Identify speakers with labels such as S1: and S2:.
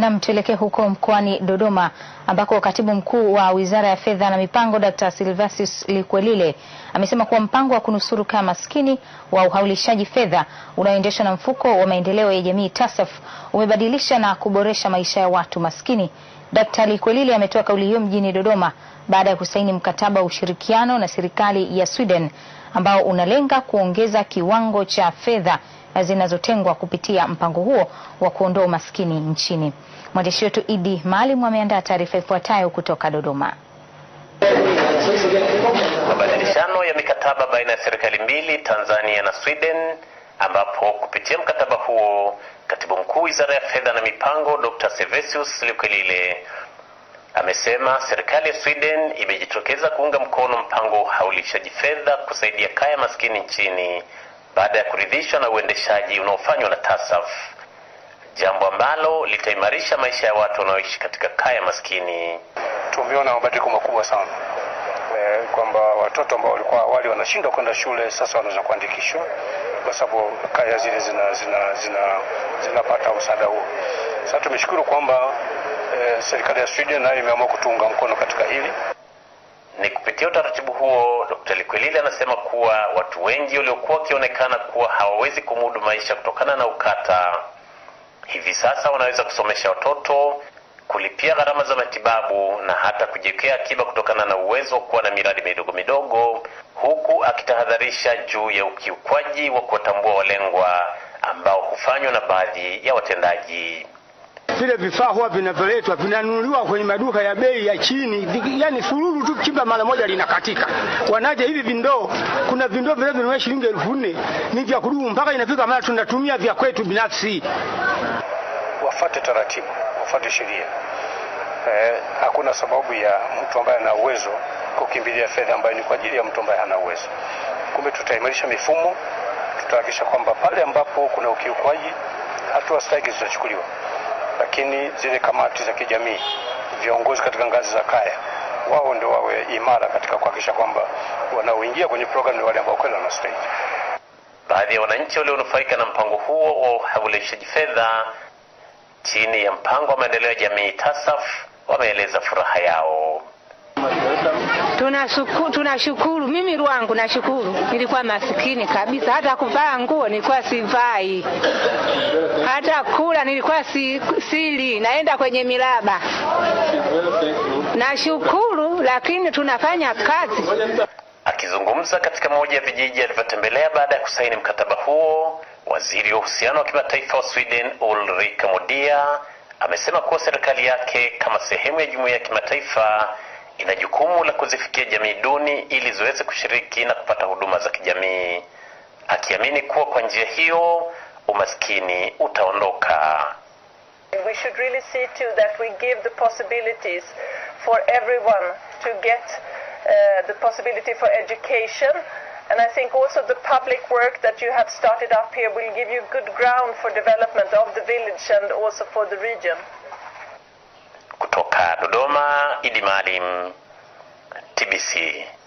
S1: Nam, tuelekee huko mkoani Dodoma ambako katibu mkuu wa wizara ya fedha na mipango Dkt. Silvasius Likwelile amesema kuwa mpango wa kunusuru kaya maskini wa uhaulishaji fedha unaoendeshwa na mfuko wa maendeleo ya jamii TASAF umebadilisha na kuboresha maisha ya watu maskini. Dkt. Likwelile ametoa kauli hiyo mjini Dodoma baada ya kusaini mkataba wa ushirikiano na serikali ya Sweden ambao unalenga kuongeza kiwango cha fedha zinazotengwa kupitia mpango huo wa kuondoa umaskini nchini. Mwandishi wetu Idi Maalim ameandaa taarifa ifuatayo kutoka Dodoma.
S2: Mabadilishano ya mikataba baina ya serikali mbili Tanzania na Sweden, ambapo kupitia mkataba huo katibu mkuu wizara ya fedha na mipango Dr. Sevesius Lukelile amesema serikali ya Sweden imejitokeza kuunga mkono mpango wa uhaulishaji fedha kusaidia kaya maskini nchini baada ya kuridhishwa na uendeshaji unaofanywa na TASAF, jambo ambalo litaimarisha maisha ya watu wanaoishi katika kaya maskini.
S3: Tumeona mabadiliko makubwa sana e, kwamba watoto ambao walikuwa awali wanashindwa kwenda shule sasa wanaweza kuandikishwa kwa sababu kaya zile zinapata zina, zina, zina msaada huo. Sasa tumeshukuru kwamba e, serikali ya Sweden nayo imeamua kutuunga mkono katika hili.
S2: Ni kupitia utaratibu huo, Dr. Likwelile anasema kuwa watu wengi waliokuwa wakionekana kuwa hawawezi kumudu maisha kutokana na ukata, hivi sasa wanaweza kusomesha watoto, kulipia gharama za matibabu na hata kujiwekea akiba kutokana na uwezo wa kuwa na miradi midogo midogo, huku akitahadharisha juu ya ukiukwaji wa kuwatambua walengwa ambao hufanywa na baadhi ya watendaji
S4: vile vifaa huwa vinavyoletwa vinanunuliwa kwenye maduka ya bei ya chini, yani fululu tu kimba mara moja linakatika. Wanaje hivi vindoo, kuna vindoo vinavyonunuliwa shilingi elfu nne ni vya kudumu mpaka inafika mara tunatumia vya kwetu binafsi.
S3: Wafuate taratibu, wafuate sheria. Eh, hakuna sababu ya mtu ambaye ana uwezo kukimbilia fedha ambayo ni kwa ajili ya mtu ambaye hana uwezo. Kumbe tutaimarisha mifumo, tutahakikisha kwamba pale ambapo kuna ukiukwaji, hatua stahiki zitachukuliwa lakini zile kamati za kijamii, viongozi katika ngazi za kaya, wao ndio wawe imara katika kuhakikisha kwamba wanaoingia kwenye programu ni wale ambao kweli wanastahili.
S2: Baadhi ya wananchi walionufaika na mpango huo wa uhabulishaji fedha chini ya mpango wa maendeleo ya jamii TASAF wameeleza furaha yao.
S5: Tunashukuru, tunashukuru. Mimi rwangu nashukuru, nilikuwa masikini kabisa, hata kuvaa nguo nilikuwa sivai hata kula nilikuwa si, sili naenda kwenye milaba. Nashukuru, lakini tunafanya kazi.
S2: Akizungumza katika moja ya vijiji alivyotembelea baada ya kusaini mkataba huo, waziri wa uhusiano wa kimataifa wa Sweden Ulrika Modia amesema kuwa serikali yake kama sehemu ya jumuiya ya kimataifa ina jukumu la kuzifikia jamii duni ili ziweze kushiriki na kupata huduma za kijamii, akiamini kuwa kwa njia hiyo umaskini utaondoka.
S6: We should really see to that we give the possibilities for everyone to get uh, the possibility for education. And I think also the public work that you have started up here will give you good ground for development of the village and also for the region.
S2: Kutoka Dodoma, Idi Maalim, TBC.